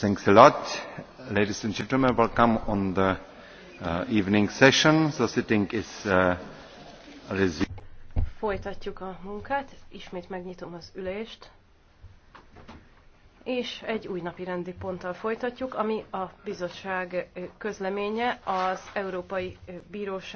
Thanks a lot. Ladies and gentlemen, welcome on the uh, evening session. The sitting is uh, resumed. Folytatjuk a munkát, ismét megnyitom az ülést, és egy új napi rendi ponttal folytatjuk, ami a bizottság közleménye az Európai Bíróság